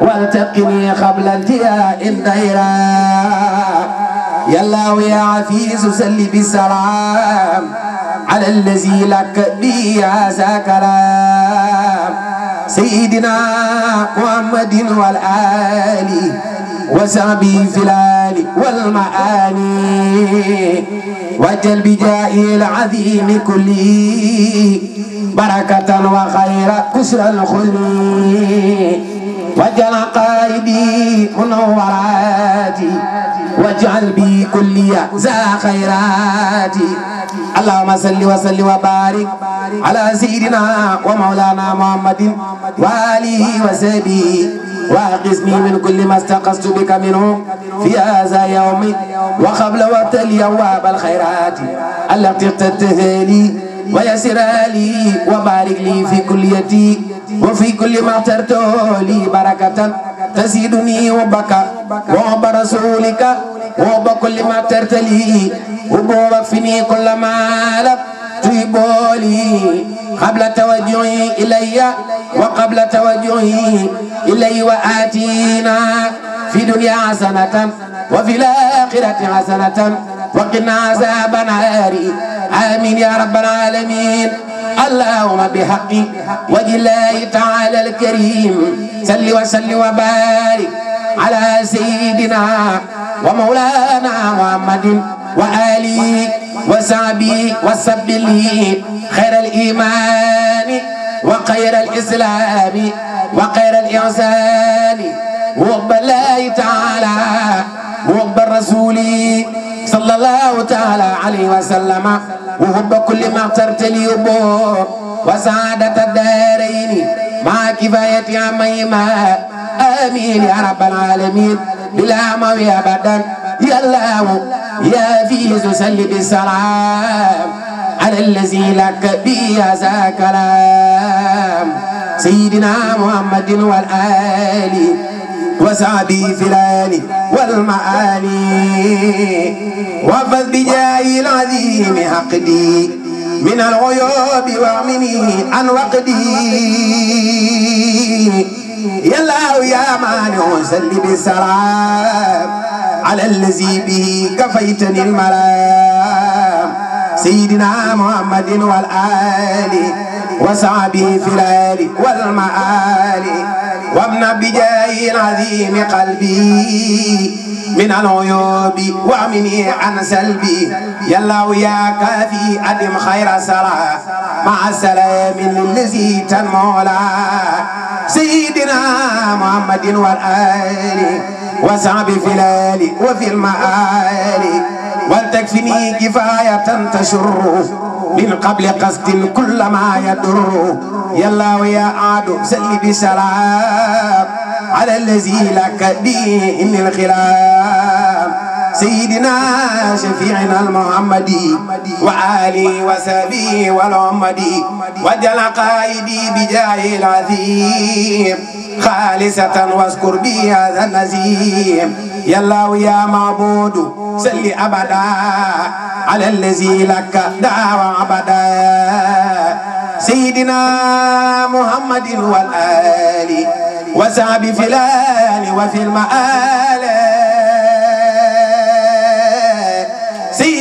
والتقني قبل انتهاء الديرة يا الله يا عفيز سل بالسلام على الذي لك به هذا كلام سيدنا محمد والآل وسعبي في الآل والمعاني وجل بجاه العظيم كلي بركة وخير كسر الخلي وجل قائدي منوراتي واجعل بي كليا ذا خيراتي اللهم صل وسلم وبارك على سيدنا ومولانا محمد وآله وصحبه وأقسمي من كل ما استقصت بك منه في هذا يوم وقبل وقت اليواب الخيرات التي اقتدتها لي ويسر لي وبارك لي في كليتي وفي كل ما اخترته لي بركة تزيدني وبك وعب رسولك وعب كل ما ترتلي وبوفني كل ما لب تبولي قبل توجهي إلي وقبل توجهي إلي وآتينا في دنيا حسنة وفي الآخرة حسنة وقنا عذاب ناري آمين يا رب العالمين اللهم بحق وجه الله تعالى الكريم صل وسل وبارك على سيدنا ومولانا محمد وآله وصحبه وسبله خير الإيمان وخير الإسلام وخير الإحسان وحب الله تعالى وحب الرسول صلى الله تعالى عليه وسلم وحب كل ما اخترت ليبو وسعادة الدارين مع كفاية عميما آمين يا رب العالمين بلا موي أبدا يا الله يا فيز سل بالسلام على الذي لك بي ذا كلام سيدنا محمد والآل وسعدي في الآن والمعاني وفذ بجاه العظيم عقدي من العيوب واعمني عن وقدي يا الله يا مانع سل بالسلام على الذي به كفيتني المرام سيدنا محمد والآل وصحبه في الآل والمآل وامنع بجاه العظيم قلبي من العيوب وامني عن سلبي يا الله يا كافي أدم خير صلاة مع السلام الذي تنمو سيدنا محمد والآله وسع بفلالي وفي المآل ولتكفني كفاية تشر من قبل قصد كل ما يدر يلا ويا عاد سل بسلام على الذي لك به من الخلاف سيدنا شفيعنا المحمدي وآله وسبيه والأمدي وجل قائدي بجاه العظيم خالصة واذكر بي هذا النزيم يا الله يا معبود سل أبدا على الذي لك دعوة أبدا سيدنا محمد والآل وسعب في الآل وفي المآل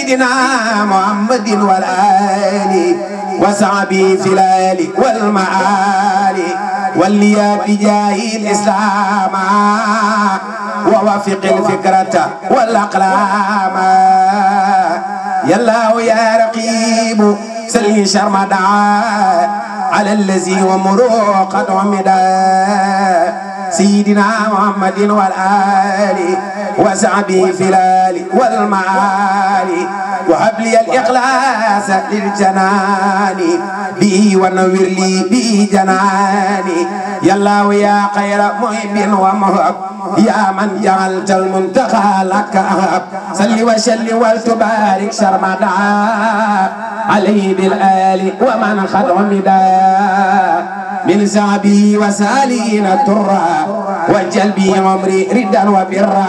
سيدنا محمد والآل وصحبه في الآل والمعالي ولي بجاه الإسلام ووافق الفكرة والأقلام يا الله يا رقيب سلي شرمدا على الذي ومرو قد عمدا سيدنا محمد والآل وسعبه في الآل والمعالي وهب لي الإخلاص للجنان به ونور لي به جناني يا الله يا خير محب ومهب يا من جعلت المنتقى لك أهب صل وسلم وتبارك شرمدا عليه بالآل ومن خد عمدا من زعبي وسالين ترى وجلبي عمري ردا وبرا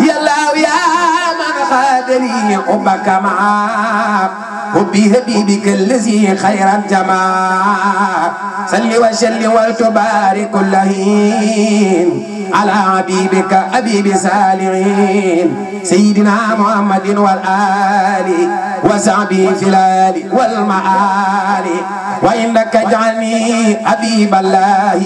يا الله يا من قادري قبك معاك حبي حبيبك الذي خيرا جمع صل وسلم وتبارك اللهين على حبيبك حبيب سالعين سيدنا محمد والآل وصحبه في الآل والمعالي وإنك اجعلني حبيب الله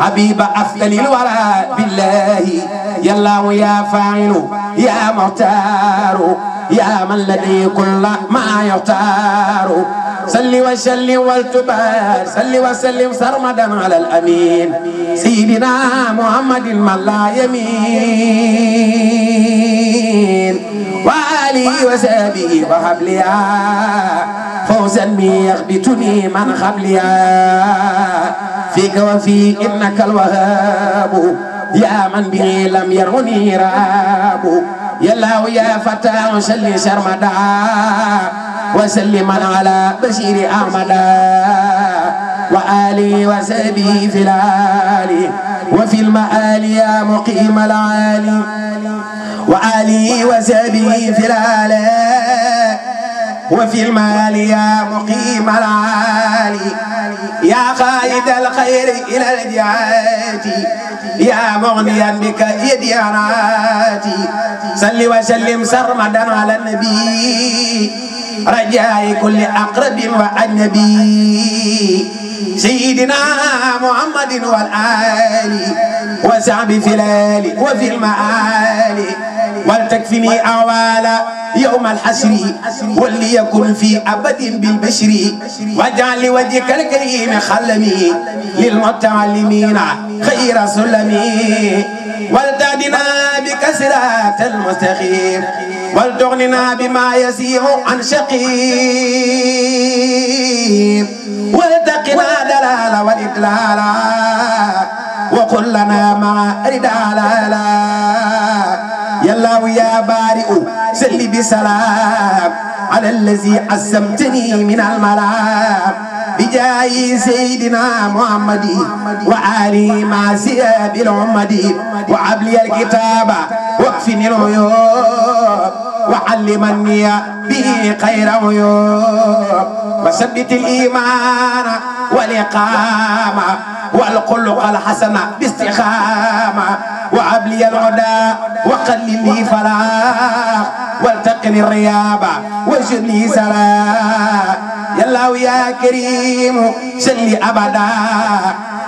حبيب أفضل الورى بالله يا الله يا فاعل يا مختار يا من لدي كل ما يختار صل وسلم والتبار صل وسلم سرمدا على الامين سيدنا محمد من لا يمين وآله وسابه وهب لي فوزا يغبطني من خبليا فيك وفي انك الوهاب يا من به لم يرغني راب يلا ويا فتى سلي سرمدا وسلم على بشير أحمد وآلي وسبي في العالي وفي المآلي يا مقيم العالي وآلي وسبي في العالي وفي المال يا مقيم العالي يا قائد الخير إلى الجهات يا مغنيا بك يدي عناتي صل وسلم سرمدا على النبي رجاء كل أقرب وأجنبي سيدنا محمد والآل وسعب في الآل وفي المعالي ولتكفني أعوال يوم الحشر وليكن في أبد بالبشر واجعل لوجهك الكريم خلمي للمتعلمين خير سلمي ولتهدنا بك صراط المستقيم ولتغننا بما يسيع عن شقيم والتقنا دلال والإدلال وقل لنا مع ردالا يا الله يا بارئ سل بسلام على الذي عزمتني من الملام بجاي سيدنا محمد وعلي ما سياب العمد وعبلي الكتاب واكفني العيوب وعلمني به خير عيوب وثبت الإيمان والإقامة والخلق الحسن باستقامة وعبلي العدا وقلل لي فلاح والتقني الريابة وجد لي سلام يلا ويا كريم سلي أبدا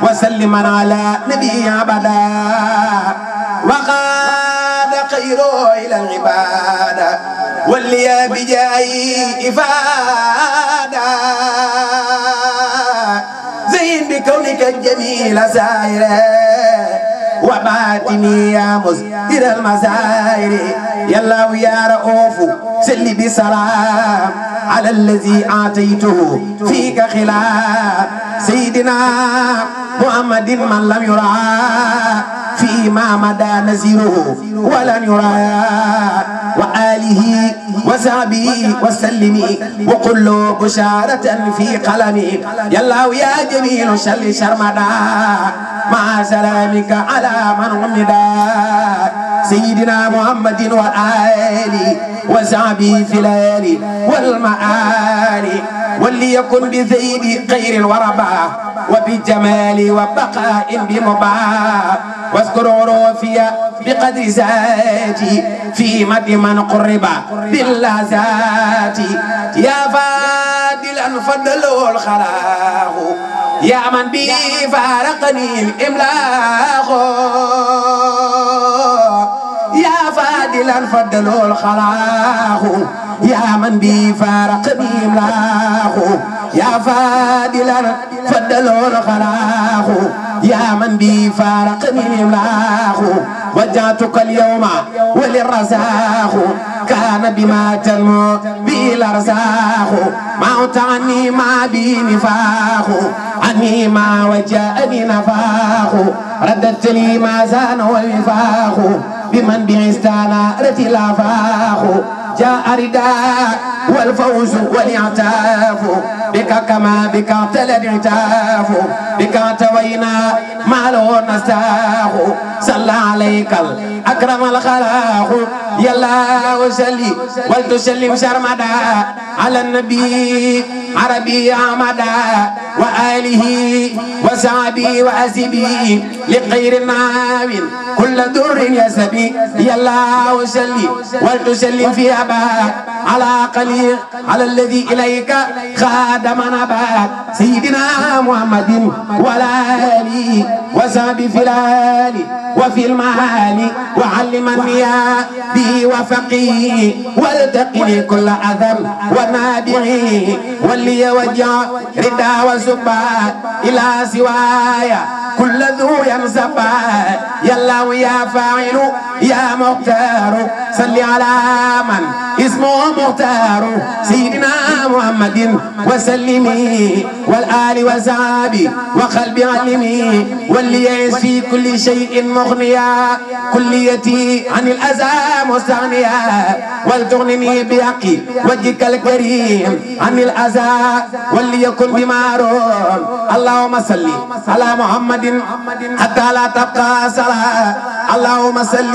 وسلم على نبي أبدا وقاد خيره إلى العبادة ولي بجاي إفادة زين بكونك الجميل سائرا وباتني يا مزهر المزاهر يا الله يا رؤوف سل بسلام على الذي آتيته فيك خلاف سيدنا محمد من لم يرى فيما مدى نزيره ولن يرى عنه وسعبي وسلمي وقل له بشارة في قلمي يا الله يا جميل شل شرمدا مع سلامك على من غمدا سيدنا محمد وآله وصحبه في الليالي والمآل وليكن بزيد خير وربا وبجمال وبقاء بمباح واذكر عروفي بقدر ذاتي في مد من قرب باللذات يا فاضلا فضله الخلاق يا من بي فارقني الإملاق إلى الفضل الخلاق يا من بي فارق بي إملاق يا فادلا فضل الخلاق يا من بي فارق بي إملاق وجاتك اليوم وللرزاق كان بما تنمو به الأرزاق موت عني ما بي نفاق عني ما وجاءني نفاق رددت لي ما زان والوفاق بمن باستنارة الآفاق جاء رداك والفوز والاعتاف بك كما بك اعتلى الاعتاف بك اعتوينا ما له نستاخ صلى عليك الأكرم الخلاق يلا وسلي ولتسلم شرمدا على النبي عربي عمدا وآله وصعبي وأزبي لخير ناوين كل در يسبي يا الله سلي ولتسلم في أبا على قليل على الذي إليك خادم نبات سيدنا محمد ولا آله وصحبه في الآله وفي المعالي وعلمني به وفقيه والتقني كل أذم ونابعي ولي وجع ردا وزبا إلى سوايا كل ذو ينزبا يا الله يا فاعل يا مختار صل على من اسمه مختار سيدنا محمد وسلمي والآل وزعبي وقلبي علمي ولي في كل شيء مغنيا كليتي عن الأذى مستغنيا ولتغنني بحق وجهك الكريم عن الأذى وليكن بما روم اللهم صل على محمد حتى لا تبقى صلاة اللهم صل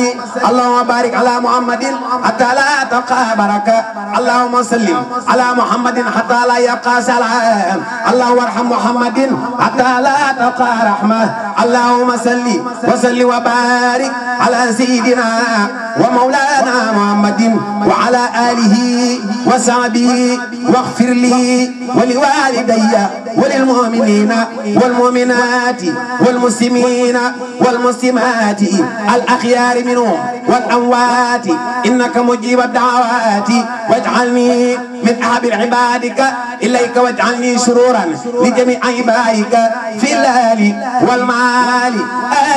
اللهم بارك على محمد حتى لا تبقى بركة اللهم صل على محمد حتى لا يبقى صلاة اللهم ارحم محمد حتى لا تبقى رحمة اللهم صل وسلم وبارك على سيدنا ومولانا محمد وعلى آله وصحبه واغفر لي ولوالدي وللمؤمنين والمؤمنات والمسلمين والمسلمات الأخيار منهم والأموات إنك مجيب الدعوات واجعلني من أحب عبادك إليك واجعلني سرورا لجميع عبادك في الليالي والمعالي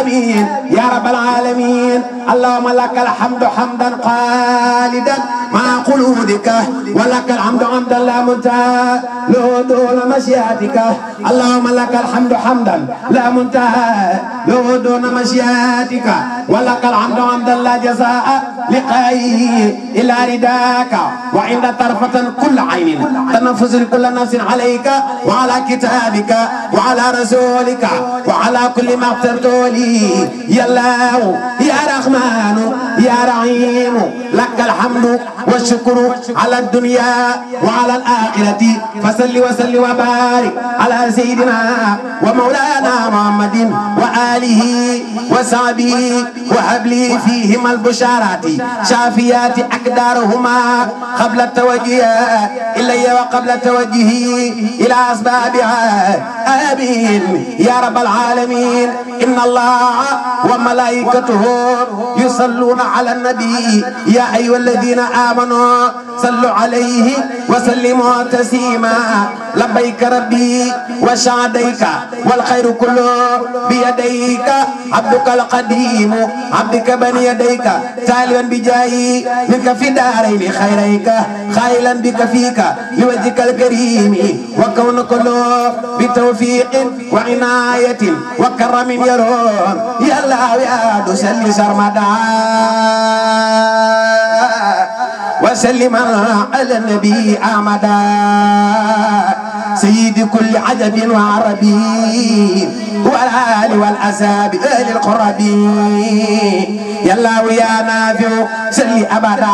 آمين يا رب العالمين اللهم لك الحمد حمدا خالدا مع قلودك ولك الحمد حمدا لا منتهى له دون مشيئتك اللهم لك الحمد حمدا لا منتهى له دون مشيئتك ولك الحمد حمدا لا جزاء لقائه إلى رداك وعند طرفة كل عين تنفس كل نفس عليك وعلى كتابك وعلى رسولك وعلى كل ما اخترته لي يا الله يا رحمن يا رحيم لك الحمد والشكر على الدنيا وعلى الآخرة فصل وسل وبارك على سيدنا ومولانا محمد وآله وصحبه وحبلي فيهما البشارات شافيات أقدارهما قبل التوجه إلي وقبل التوجه إلى أسبابها آمين يا رب العالمين إن الله وملائكته يصلون على النبي يا أيها الذين آمنوا آمنوا صلوا عليه وسلموا تسليما لبيك ربي وسعديك والخير كله بيديك عبدك القديم عبدك بني يديك تاليا بجاي منك في دارين خيريك خائلا بك فيك لوجهك الكريم وكون كله بتوفيق وعناية وكرم يرون يا الله يا دسل سرمدا وسلم على النبي أمدا سيد كل عجب وعربي والآل والأساب أهل القرب يا الله يا نافع سل أبدا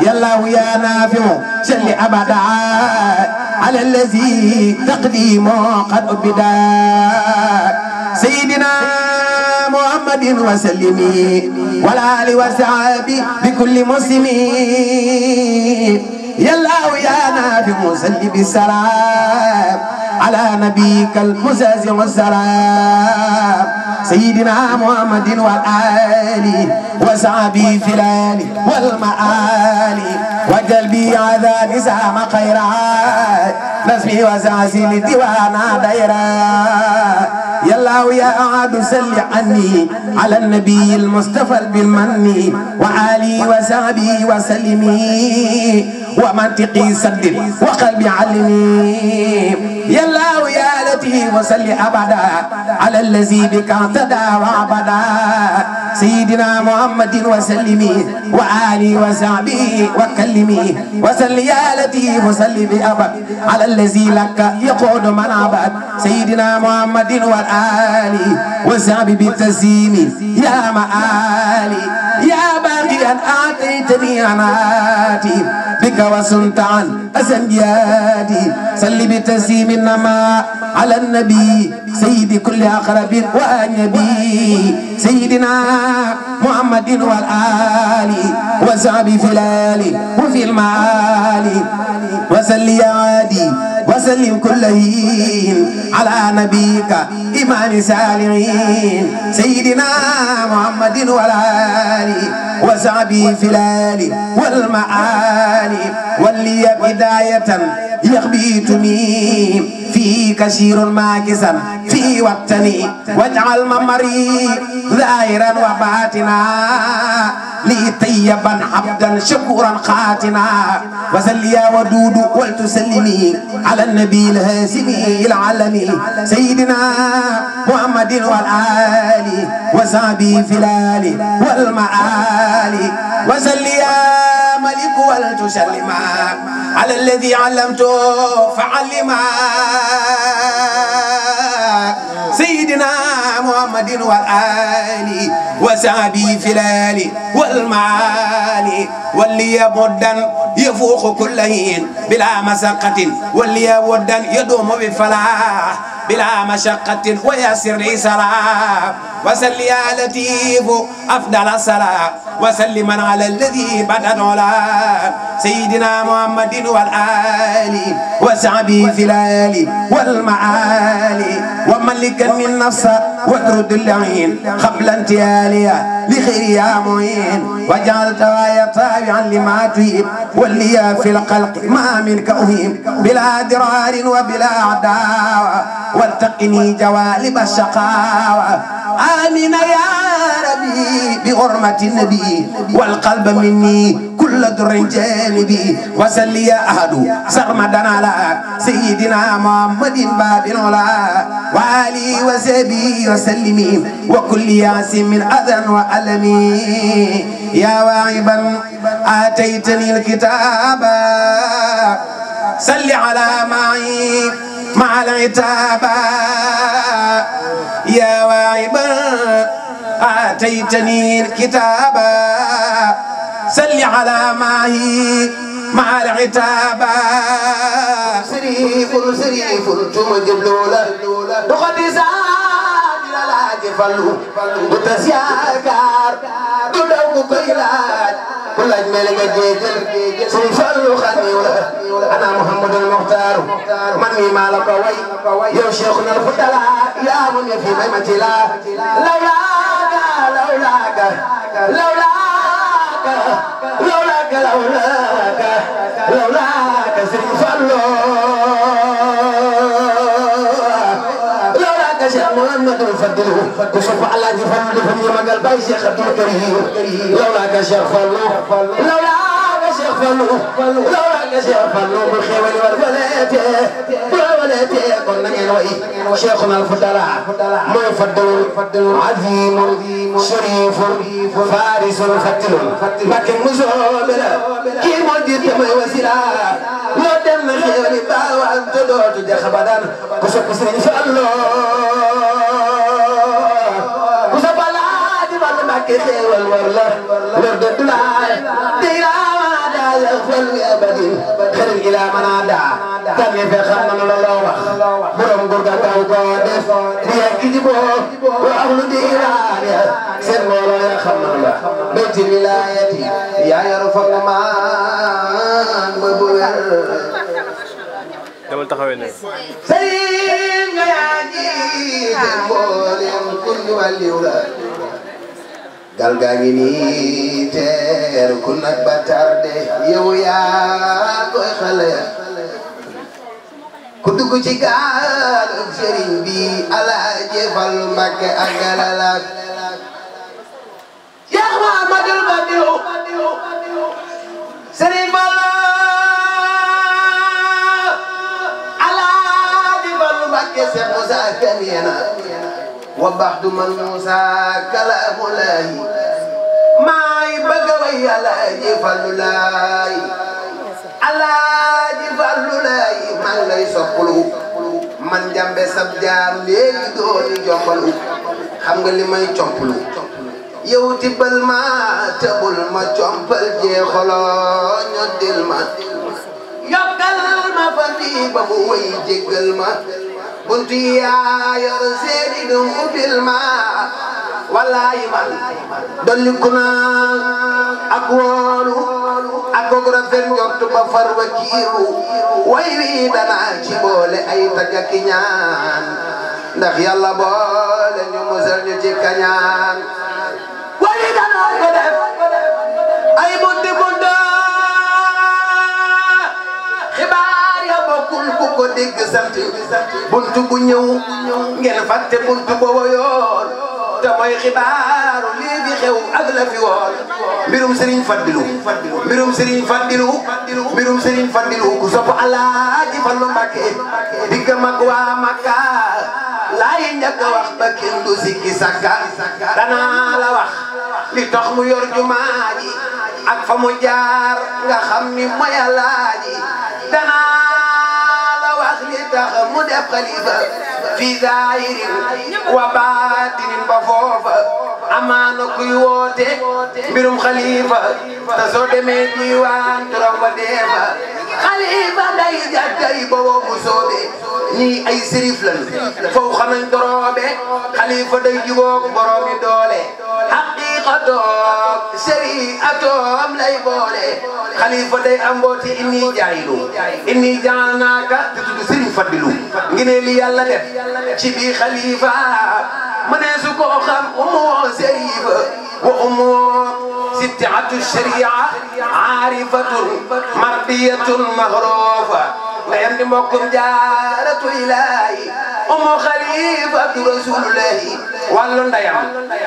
يا الله يا نافع سل أبدا على الذي تقديمه قد أبدا سيدنا محمد وسلم والآل والصحاب بكل مسلم يا الله يا نافع مسلم السلام على نبيك المزازع السلام سيدنا محمد والآل وصحبه في الآل والمآل وقلبي عذا نسام خيرا نسمي وسعسي لديوانا ديرا الله يا أعاد سل عني على النبي المصطفى بالمن وعلي وسعبي وسلمي ومنطقي سدد وقلبي علمي يا الله يا صلاتي وسلي أبدا على الذي بك اعتدى وعبدا سيدنا محمد وسلمي وآلي وصحبه وكلمي وسلي يا لطيف وسلي بأبد على الذي لك يقود من عبد سيدنا محمد والآلي وصحبه بالتسليم يا مآلي يا باقي أن أعطيتني عناتي بك وسنت عن أسنجادي صل بتسليم النما على النبي سيد كل أقرب وأجنبي سيدنا محمد والآل وصحب في الآل وفي المعال وسل يا عادي وسلم كلهين على نبيك إمام سالمين سيدنا محمد والآل وصحبه في الآل والمعالي واللي يبدأ هداية يخبيتني في كثير ماكسا في وطني واجعل ممري ظاهرا وباطنا لي طيبا عبدا شكورا خاتنا وسل يا ودود ولتسلمي على النبي الهاسم العالمي سيدنا محمد والآل وصحبه في الآل والمآل وسل يا ملك ولتسلما على الذي علمته فعلما سيدنا محمد والآل وسعبي في الآل والمعالي واللي مدا يفوق كل هين بلا مسقة واللي ودا يدوم بالفلاح بلا مشقة ويسر لي سلام وسل يا لطيف أفضل سلام وسلم على الذي بدأ العلا سيدنا محمد والآل وسعبي في الآل والمعالي وملك من نفس وترد العين قبل انتهالها لخير يا معين وجعل توايا تابعا لما تهيب ولي في القلق ما منك أهيم بلا درار وبلا عداوة والتقني جوالب الشقاوة آمين يا لي بحرمة النبي والقلب مني كل در جانبي وسل يا أهد سرمدا على سيدنا محمد باب العلا وآلي وسبي وسلم وكل ياس من أذى وألم يا واعبا آتيتني الكتاب سل على معي مع العتاب يا واعبا آتيتني الكتاب سل على معي مع العتاب سريف سريف ثم جبلولا وقد زاد للاج فلو وتسياكار دلو كيلات كل أجمل جديد سيفل خنيولا أنا محمد المختار مني مالك وي يا شيخنا الفتلا يا من في ميمتي لا لا لولاك لولاك لولاك لولاك لولاك سيف الله لولاك شيخ محمد الفضل كشف على جفن لفن مقلب شيخ عبد الكريم لولاك شيخ الله لولاك fallu fallu lawla nga Cheikh fallu bu xewali war waleete bu la waleete kon na ngeen way Cheikhuna al-Fadala mooy faddalul faddalul azimun sharifun farisun fattilun Mbakke musoobe la kii moo jiite mooy wasila loo dem na xewali baawaan te dootu jeex abadan ku sopp Sëriñ Fallu ku sopp Alaaji Fallu Mbakke xewal war la war de dulaay sell li abadi xërin ilaa manaa daa tànne fe xam na la loo wax borom nguur ga kaw koo def riya ki jiboo wa ahlu diiraane seen mbooloo ya xam na la béyti wilaayati yaa yoru fa mu maan ba bu wér demal taxawee ne sëriñ nga yaa jiite mboolem kun waliw la gal gaa ngi nii teer ku nag ba tarde yow yaa koy xale ku dugg ci gaal sëriñ bi alaaji Fallu Mbàkke ak galalaat yaa Muhammadul Badiw sëriñ Fallu alaaji Fallu Mbàkke Seex Musaa Kan وبعد من موسى كلا مولاي ماي بقوي على جفل لاي على جفل لاي من ليس قلوب man jàmbe sab jaar léegi dooni xam nga li may compalu yow tibbal ma tëbul ma compal jeexoloo ñoddil ma yokkal ma fan yi ba ma bunt yi seeni dum ubbil ma wallaay man dolliku naa ak wóolu ak goog rafet njortu ba far wakiiru way wi danaa ci boole ay tagaki ñaan ndax yàlla boole ñu musal ñu ci kañaan way wi ko dégg sant buntu bu ñëw ngeen fàtte buntu boobu yoon te mooy xibaaru lii bi xew ak la fi woon mbirum Serigne Fadilou mbirum Serigne Fadilou mbirum Serigne Fadilou ku sopp Alaaji Fallu Mbàkke digg mag waa Makka laay njëkk a wax ba kenn du sikki sakka danaa la wax li tax mu yor jumaa ji ak fa mu jaar nga xam ni mooy Alaaji danaa tax mu def xalifa fi zaahir wa baatin ba foofa amaana kuy woote mbirum xalifa te soo demee diwaan turam ba deefa xalifa day jàkkay ba woobu soobe ñii ay sérif lan foofu xanañ doroobe xalifa day jubóog boroomi doole xaqi tariqatoom shari'atoom lay boole xalifa day am mbooti inni jaayilu inni jaanaaka te tudd Sëriñ Fadilu ngi ne li yàlla def ci bi xalifa mu ne su ko xam umoo sharif wa umoo sittiatu sharia aarifatun mardiyatun mahrufa wayam ni mbokkum jaaratu ilaahi umu xalifatu rasulillahi wàllu ndeyam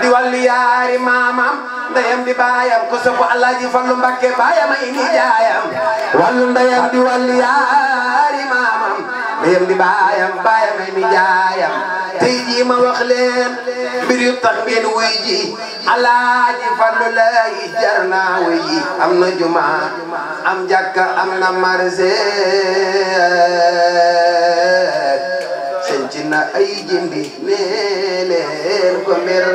di wàllu yaari maamam ndeyam di baayam ko sopp alaaji fallu mbakke baayam ay ni jaayam wàllu ndeyam di wàllu yaari maamam ndeyam di baayam baayam ay ni jaayam tey jii ma wax leen mbir yu tax ngeen wuy ji alaaji Fallu lay jar naa wuy ji am na juma am jàkka am na marché senc na ay jëndi nee ko mer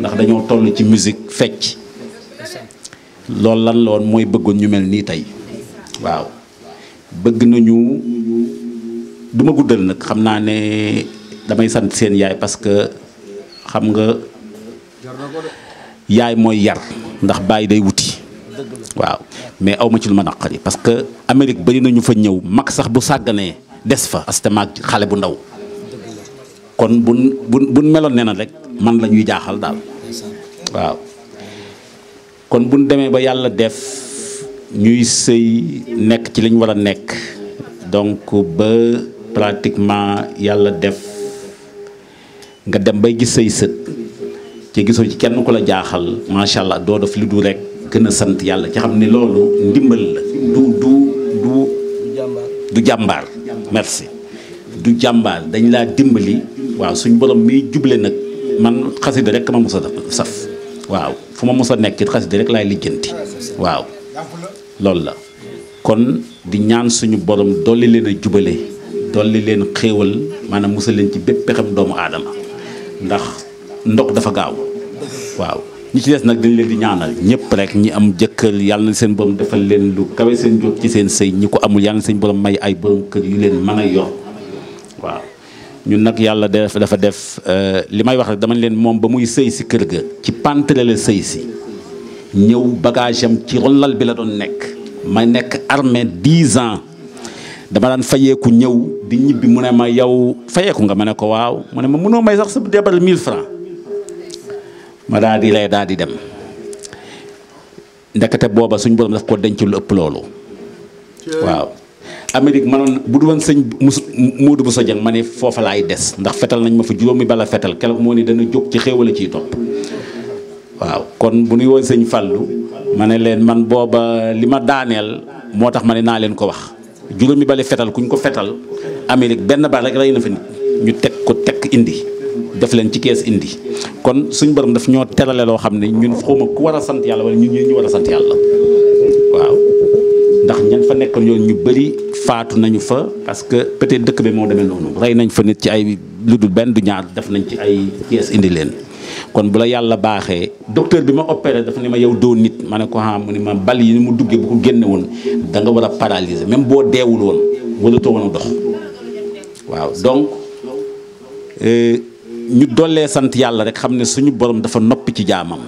ndax dañoo toll ci musique fecc lool lan la woon mooy bëggoon ñu mel nii tey waaw bëgg nañu du ma guddal nag xam naa ne damay sant seen yaay parce que xam nga yaay mooy yar ndax bàyyi day wuti waaw mais aw ma ci lu ma naqari parce que Amérique bari nañu fa ñëw mag sax bu sàgganee des fa astamaak xale bu ndaw kon buñ bu buñ meloon ne na rek man la ñuy jaaxal daal waaw kon buñ demee ba yàlla def ñuy sëy nekk ci li war a nekk donc ba pratiquement yàlla def nga dem bay gis sëy sët ci gisoo ci kenn ku la jaaxal macha allah doo def lu du rek gën a sant yàlla ci xam ne loolu ndimbal la du du du du jàmbaar merci du jàmbaar dañ laa dimbali waaw suñ borom miy juble nag man xasida rek ma mos a saf waaw fu ma mos a nekk ci xasida rek laay lijjanti waaw loolu la kon di ñaan suñu borom dolli leen a jubale dolli leen xéewal maanaam musal leen ci bépp pexem doomu aadama ndax ndox dafa gaaw waaw ñi ci des nag dañ leen di ñaanal ñëpp rek ñi am jëkkër yàlla na seen borom defal leen lu kawe seen ci seen sëy ñi ko amul yàlla na borom may ay borom kër yu leen mën a yor waaw ñun nag yàlla def dafa def euh, li may wax rek dama leen moom ba muy sëy si kër ga ci pantre la sëy si ñëw bagage am ci ron lal bi la doon nekk ma nekk armée dix ans dama daan fayeeku ñëw di ñibbi mu ne ma yow fayeeku nga ma ne ko waaw mu ne ma mënoo may sax sa débal mille francs ma daal di lay daal di dem ndekete booba suñ borom daf ko denc lu ëpp loolu waaw Amérique manoon bu du woon sëñ mus Moodu Bousso Dieng ma ne foofa laay des ndax fetal nañ ma fa juróomi bala fetal keroog moo ne dana jóg ci xéewal ciy topp waaw kon bu nuy woon sëñ Fallou ma ne leen man booba li ma daaneel moo tax ma ne naa leen ko wax juróomi bale fetal kuñ ko fetal Amérique benn bal rey na fa nit ñu teg ko tekk indi def leen ci kees indi kon suñ borom daf ñoo terale loo xam ne ñun xawma ku war a sant yàlla wala ñun ñu war a sant yàlla waaw ndax ñan fa nekkoon yoon ñu bëri faatu nañu fa parce que peut-être dëkk bi moo demee noonu rey nañ fa nit ci ay lu dul benn du ñaar def nañ ci ay kees indi leen kon bu la yàlla baaxee docteur bi ma opéré dafa ne ma yow doo nit ma ne ko ah mu ne ma bal yi ni mu duggee bu ko génne woon da nga war a paralyser même boo deewul woon wala too woon a dox waaw donc euh, ñu dollee sant yàlla rek xam ne suñu borom dafa noppi ci jaamam.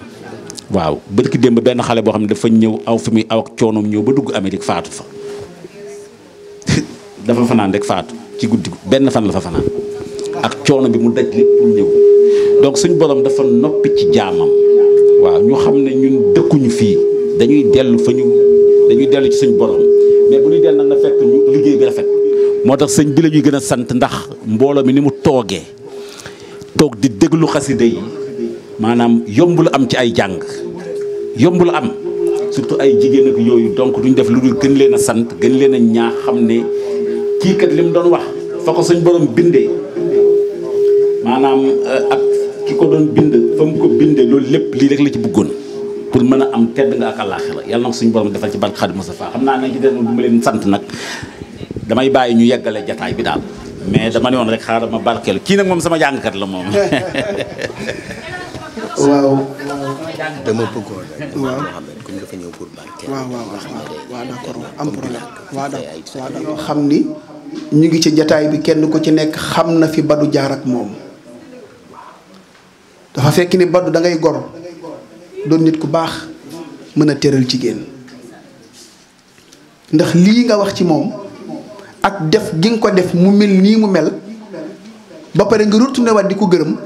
waaw bërki démb benn xale boo xam ne dafa ñëw aw fi muy aw ak coonoom ñëw ba dugg Amérique faatu fa dafa fanaan rek faatu ci guddi benn fan la fa fanaan ak coono bi mu daj lépp ñëw. donc suñ borom dafa noppi ci jaamam waaw ñu xam ne ñun dëkkuñu fii dañuy dellu fa ñu dañuy dellu ci suñ borom mais bu ñuy dell nag na fekk ñu liggéey bi rafet moo tax sëñ bi lañuy gën a sant ndax mbooloo mi ni mu toogee toog di déglu xasida yi maanaam yombul am ci ay jàng yombul am surtout ay jigéen ak yooyu donc duñ def lu dul gën leen a sant gën leen a ñaax xam ne kii kat li mu doon wax fa ko suñ borom bindee maanaam euh, ki ko doon bind fa loolu lépp lii rek la ci bëggoon pour mën a am tedd nga ak àllaaxira yàlla na suñu borom defal ci barke Xaadimu Mustafaa xam naa nañ ci sant nag damay bàyyi ñu yeggale jataay bi daal mais dama ne woon rek xaaral ma barkeelu kii nag sama jàngkat la moom. waaw. dama bëggoon ñëw pour barkeelu. waaw waaw xam ni ñu ngi ci jataay bi kenn ku ci nekk xam na fi ba du jaar ak moom. dafa fekk ni baddu da ngay gor doon nit ku baax mën a tëral jigéen ndax lii nga wax ci moom ak def gi nga ko def mu mel nii mu mel ba pare nga retourné waat di ko gërëm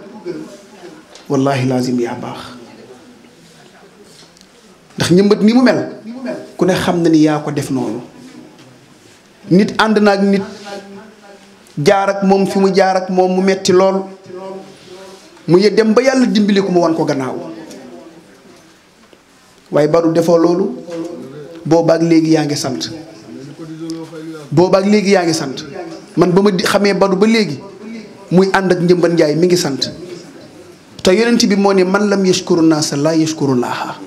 wallahi lazim yaa baax ndax ñëmbët ni mu mel ku ne xam na ni yaa ko def noonu nit ànd na ak nit jaar ak moom fi mu jaar ak moom mu metti lool mu ye dem ba yàlla dimbali ko mu wan ko gannaaw waaye baru defoo loolu boobaak léegi yaa ngi sant boobaak léegi yaa ngi sant man ba ma xamee baru ba léegi muy ànd ak njëmbat njaay mi ngi sant te yonent bi moo ne man lam yashkuru naasa laa yashkuru laaha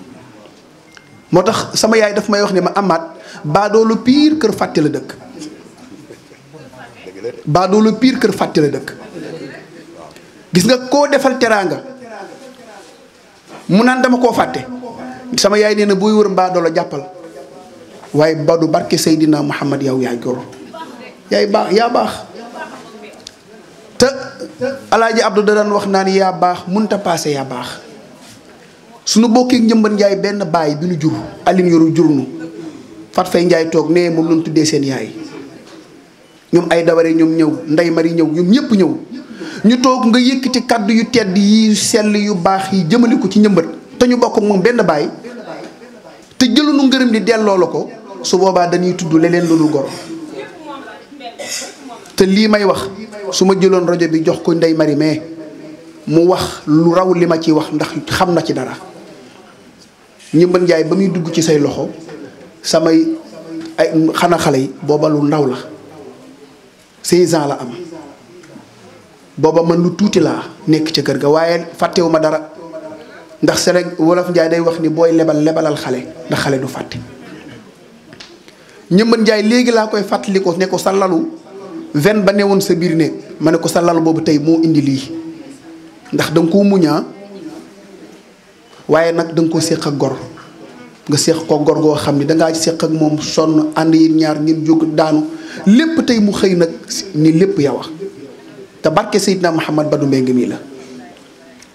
moo tax sama yaay daf may wax ne ma amaat baadoolu piir kër fàtte la dëkk baadoolu piir kër fàtte la dëkk gis nga koo defal teraanga mu naan dama koo fàtte sama yaay nee na buy wër mbaa jàppal waaye badu barke Seydina Muhammad yow yaa jor yaay baax yaa baax te alaaji Abdou da daan wax naan yaa baax munta paase yaa baax suñu bokki njëmban njaay benn baay bi nu jur Aline yoru jur nu fat fay njaay toog nee moom lañ tuddee seen yaay ñoom ay daware ñoom ñëw nday mari ñëw ñoom ñëpp ñëw ñu toog nga ci kàddu yu tedd yi sell yu baax yi jëmale ko ci njëmbat te ñu bokk moom benn baay te jëlunu ngërëm di delloo la ko su boobaa dañuy tudd leneen lu dul gor te lii may wax su ma jëloon rajo bi jox ko Ndeye Marie mais mu wax lu raw li ma ci wax ndax xam na ci dara ñëmbat njaay ba muy dugg ci say loxo samay ay xana xale yi booba lu ndaw la seize la am booba man lu tuuti laa nekk ca kër ga waaye fàttewu ma dara ndax sere wolof njaay day wax ni booy lebal lebalal xale ndax xale du fàtte ñëmban njaay léegi laa koy fàttali ko ne ko sa lalu ven ba ne woon sa biir néeg ma ne ko sa lalu boobu tey moo indi lii ndax danga koo muñaa ah waaye nag danga ko séq ak gor nga séq ko gor goo xam ni dangaa séq ak moom sonn ànd yi ñaar ngeen jóg daanu lépp tey mu xëy nag ni lépp yaa wax te barke Seydina Mouhamad Badou Mbengue mii la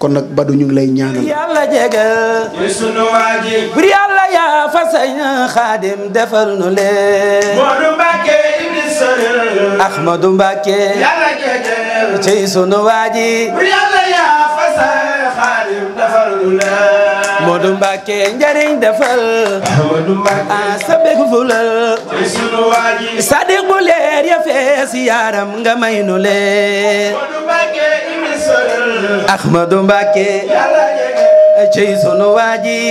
kon nag Badou ñu lay ñaanal. yàlla jégal. muy sunu waa ji. bur yàlla yaa fasay na xaadim defal nu leen. Modou Mbacke Iblis Sërël. Ahmadou Mbacke. yàlla jégal. ci sunu waa ji. bur yàlla yaa fasay xaadim defal nu leen. Modou Mbacké njariñ defal Modou Mbacké a ah, sa bég fulal sunu waaji leer ya fees yaram nga may nu leer Modou Mbacké imisol Ahmadou Mbacké yàlla jege cey sunu waaji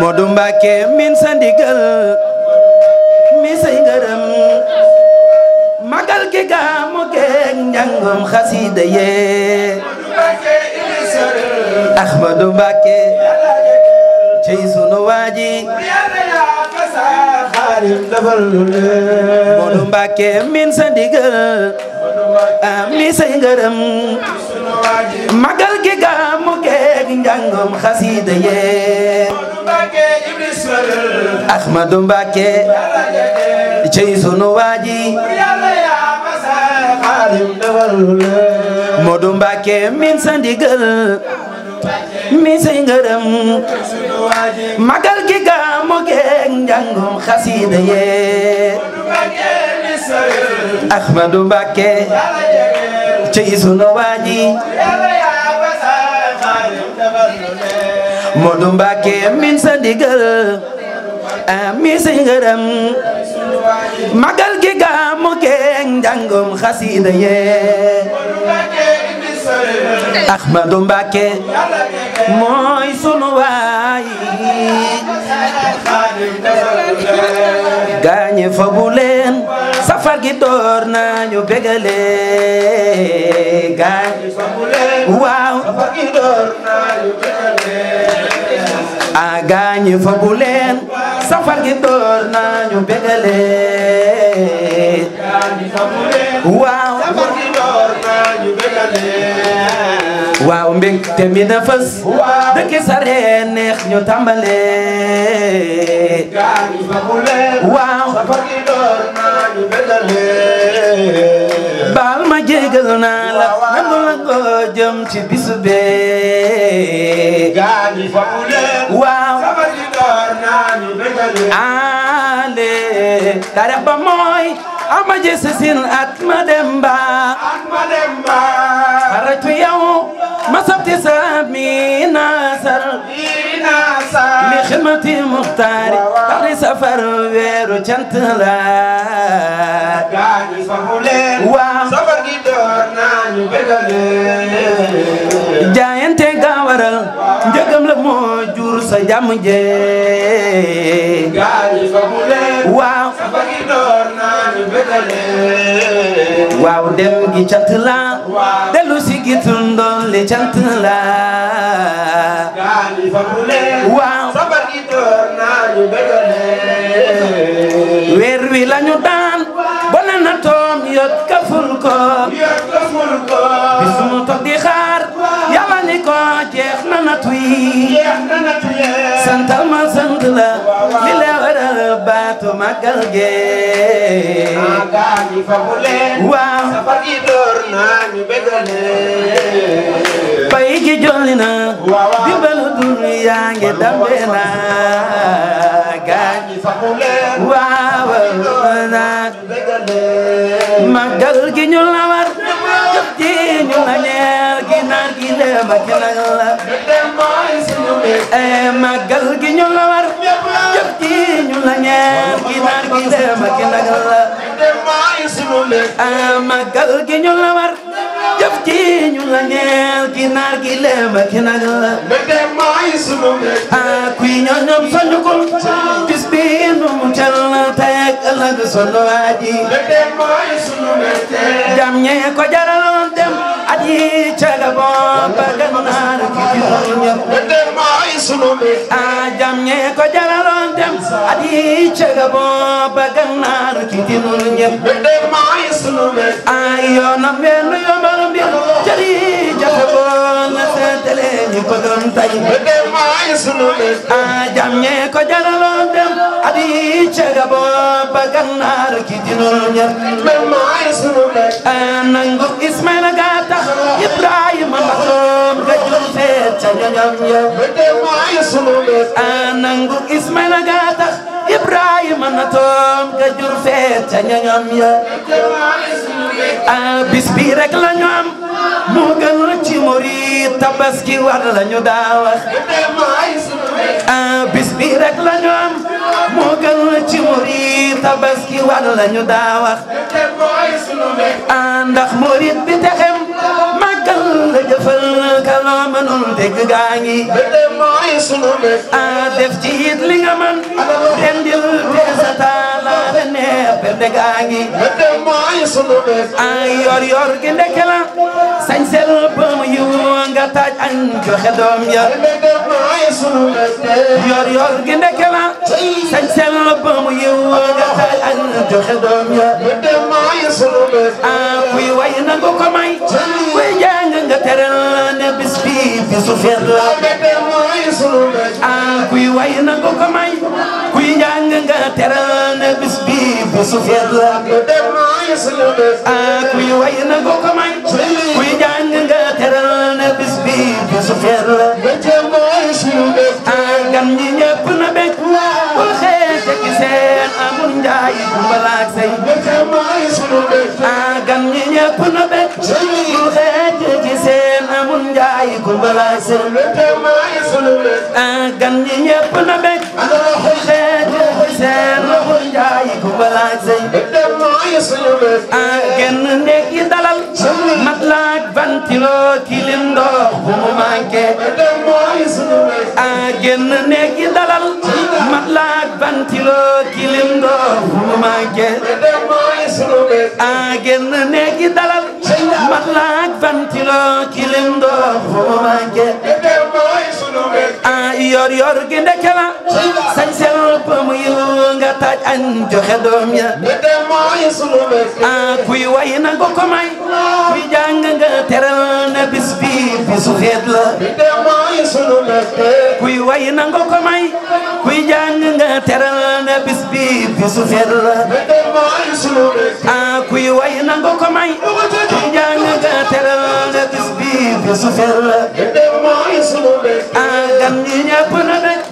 Modou Mbacké min sa ndigal mi say ngërëm xasida yee Ahmadou Mbacké ci sunu waaji Modou Mbacké min sa ndigal ami say ngërëm magal gi gàmmu geeg njàngum xasida yee Ahmadou Mbacké ci sunu waaji Modou Mbacké min sa ndigal mi say magal gi gaamu geeg njàngum xasida yee Ahmadou Mbacké ci sunu waaji Modou Mbacké min sa ndigal ami si ngërëm magal gi gàmmu keeg njàngum xasida yee Ahmadu Mbàkke mooy sunu waay gaañe fa bu leen safar gi door nañu bégale gaañ waaw a gaañe fa bu leen safar gi door nañu bégale waaw safar gi door nañu bégale waaw mbégte mi na fës dëkk sare neex ñu tàmbale waaw safar gi door nañu bégale baal ma jégal naa la nangu la ko jëm ci bisu bee waaw ale dara ba mooy ama jese sin at ma dem ba ma dem ba xaratu yow ma sabti sa mi nasar li xidmati muxtaari tari safar weeru cant la gaani famu leen waaw safar gi door nañu bëgale jaayante ga sa jàmm jee gaal yi famu leen waaw safar gi door naa ñu bëggalee waaw dem gi cant la dellu si gi tundoon li cant la gaal yi famu leen waaw safar gi door naa ñu bëggalee weer wi la ñu daan bona na toom yot kaful ko yot kaful ko bis mu toog di xaar yàlla ni ko jeex na na tuy jeex na na màggal gee. magaa ñi fagu leen. waaw safar gi door naa ñu bégalee. pay gi jolli gaañ waaw naag gi ñu la war jëf ji e, gi ñu la war jëf ji e, gi ñu la war jëf ji ñu la ñeel ginaar ah, jam ñee ko jaraloon dem at yi ca Gabon ba gànnaar gi ñoo ñëpp dem at yi ca Gabon ba Gànnaar ci dinul ñëpp dem mooy sunu mbir ay yoonam wenn yombal mbir cër yi jafe woon na seetale ñu ko doon tay dem mooy sunu mbir ah jam ñee ko jaraloon dem at yi ca Gabon ba Gànnaar ci dinul ñëpp dem mooy sunu mbir ah nangu Ismaïla ga tax Ibrahima maxoom ga jur seet ca ñoñom yow dem mooy sunu mbir ah nangu Ismaïla gaa tax Ibrahima na toom ga jur feet ca ñoñom ya a ah, bis bi rek la ñu am moo gënoon ci murid tabaski war daa wax a ah, bis bi rek la ñu am moo gënoon ci murid tabaski wax a ah, ndax la jëfal kaloo mënul dégg gaa ngi mooy a a yor yor añ joxe doom ya yor yor gi ndeke la a kuy way nangu ko may teral na bi bisu ah, kuy way na nga kuy njàng nga teral na bis bi bisu feet ah, kuy way na nga kuy njàng nga teral na bis bi bisu feet la ah gan ñi ñëpp na bekk wala xeete ki seen amul njaay mbalaak say bàyyi kumba laay sunu bés ah gan ñi ñëpp na bëgg seetlu seen loxo njaay kumba laay sey ah genn néeg yi dalal matelas ventilo kilim ndox bu mu manqué ah genn néeg yi dalal matelas ventilo kilim ndox bu mu manqué ah genn néeg yi dalal matelas ventilo kilim moo manqué bébé mooy sunu kuy way na nga ko may kuy jàng nga teral na bis bi bisu feet kuy way na nga ko may kuy jàng ah, may nga safar bébé mooy sunu bés gam ñi ñëpp na bëgg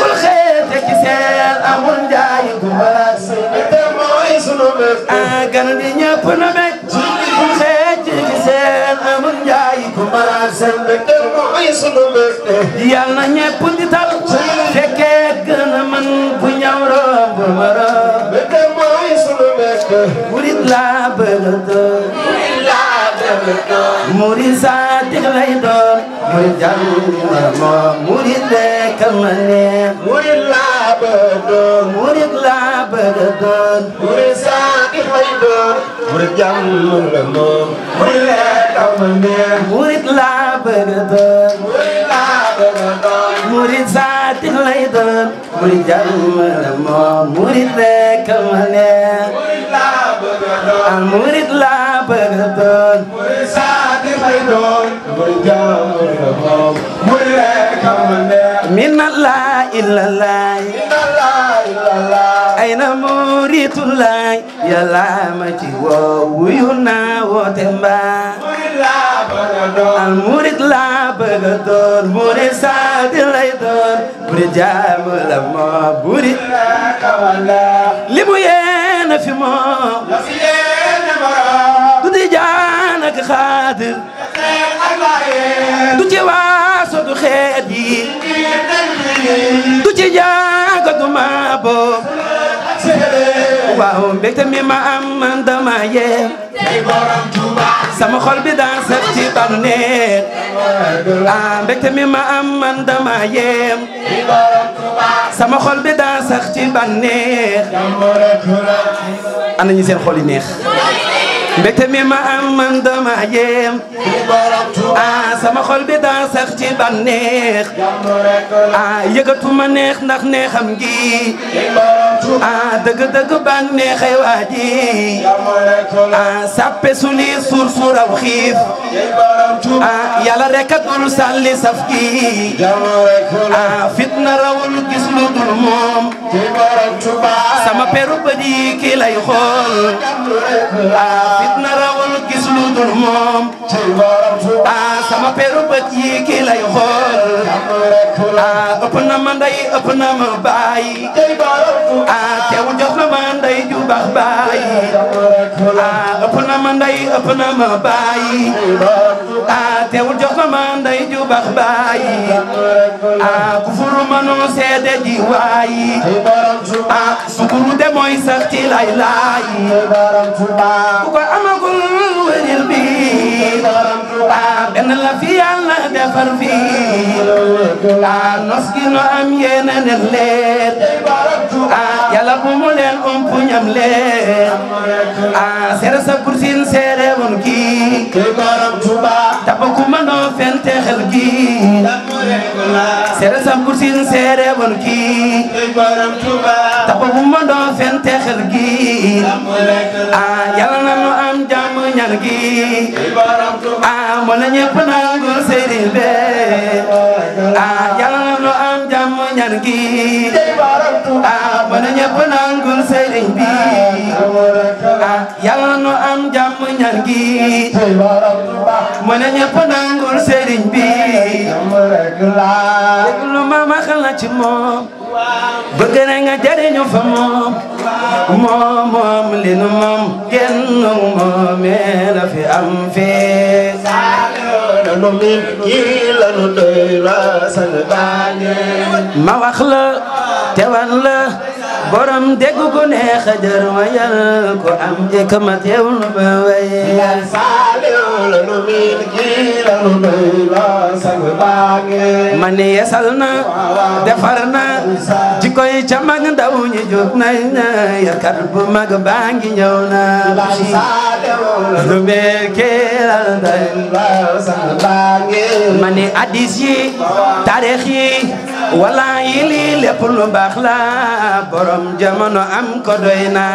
bul xeete ci seen amul njaay gu balaas bébé mooy sunu bés gam ñi ñëpp na bëgg bul xeete ci seen amul njaay gu balaas bébé mooy sunu bés yal na ñëpp di tal fekkee gën a mën bu ñaw romb mara bébé mooy sunu bés murit laa bëgg murid sadiq lay doon murid jàmma moom murid lekk ma neex murid laa bëgg doon murid laa bëgg doon murid sadiq lay doon murid jàmma moom murid lekk ma neex murid laa bëgg doon murid laa bëgg doon murid sadiq lay doon murid jàmma moom murid lekk ma neex laa bëgg a doon. al murid laa bëgg a doon. murid saa di may doon. murid jàmm murid a moom. murid rek a ma neex. min allah illa allah. min allah illa allah. ay na muritu laay. yàlla ma ci woo wuyu naa woote mbaa. murid laa bëgg a doon. al murid laa bëgg a doon. murid saa di lay doon. murid jàmm la moom. murid rek a ma neex. li mu yee. na fi moom la fi yéene borom du tijaan ak xaadir du ci waaso du xeet yi du ci jaaga du maabo waaw oh, mbégte mi ma am man dama yeer tey borom Touba sama xol bi daa saf ci bànneex ah mi ma am man dama yeer tey borom Touba sama xol bi daan sax ci bànneex ana ñu seen xol yi neex mbégte mi ma am man dama yéem ah sama xol bi daa sax ci bànneex ah yëgatuma neex ndax neexam gi ah dëgg-dëgg baa ngi neexee waa ji ah sàppe su lii suur suuraw xiif ah yàlla rek a dul sàlli saf gi ah fitna rawul gis lu dul moom ah, sama peru bët yi kii lay xool ah, fitna rawul gis lu dul moom ah, sama peru bët yi ki lay xool a ah, ëpp na ma ndey ëpp na ma baay ah teew jox na ma ndey ju ah, na ma a teewul jox na ma ndey ju baay ah ku furu mënoo seede ji waay ah sukuru de mooy ci lay ku ko amagul wéril bi ah benn la fi yàlla defar fi ah nos gi no am yéene ne leer ah yàlla bu mu leen ump ñam leer ah seere sa kursin seere woon kii. tabaku manoo fel te xel gi seere sam kursin seere bon gi tabaku manoo fel te xel gi a yàlla na am jàmm ñaan gi a mo na ñépp nangul seydi be a yàlla na nu jàmm ñan ah, na ñëpp nangul sëriñ bi ah nu am jàmm ñan gi ba na ñëpp nangul sëriñ bi déglu ma ma xal na moom bëgg na nga jariñu fa moom moom moom li nu moom genn fi am fee nu min kii la nu doy la sang baañe ma wax la tewan la borom dégg ku a jar wayal ko am njëkk ma teewlu nu miin kii la nu doy na defar na jikko ca mag ndaw ñi jóg nañ na yarkat bu mag baangi ñëw na yal saaliw la nu wala yi lii lu baax la borom jamono am ko doy na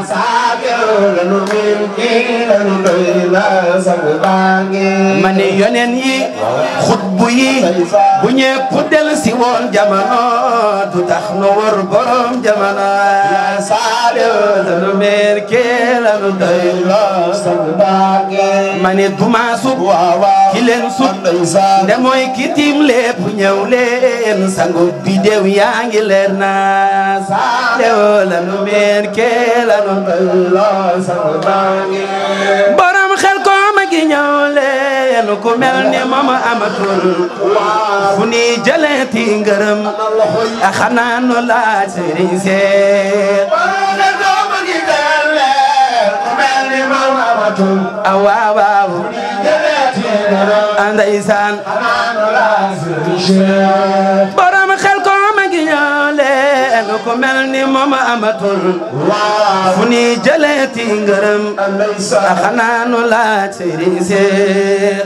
saabirul nu min kii la nu doy na sabu baangi ma ne yonen yi xutbu yi bu ñëpp del si woon jamono du nu wor borom jamono saabirul nu min kii la nu doy na sabu ma ne du maa sub ki leen sut nde mooy ki leen sangu bi yaa ngi leer naa dew la nu meen kee la nu borom xel ko gi ñëw leen ku mel ni moom amatul fu ni jëleeti ngërëm a xanaa nu laaj sëriñ seet a waawaaw ndeysaan borom xel ko ma ngi ñëw leen ku mel ni moom amatul fu ni jëleeti ngërëm xanaa nu laaj sëriñ Seex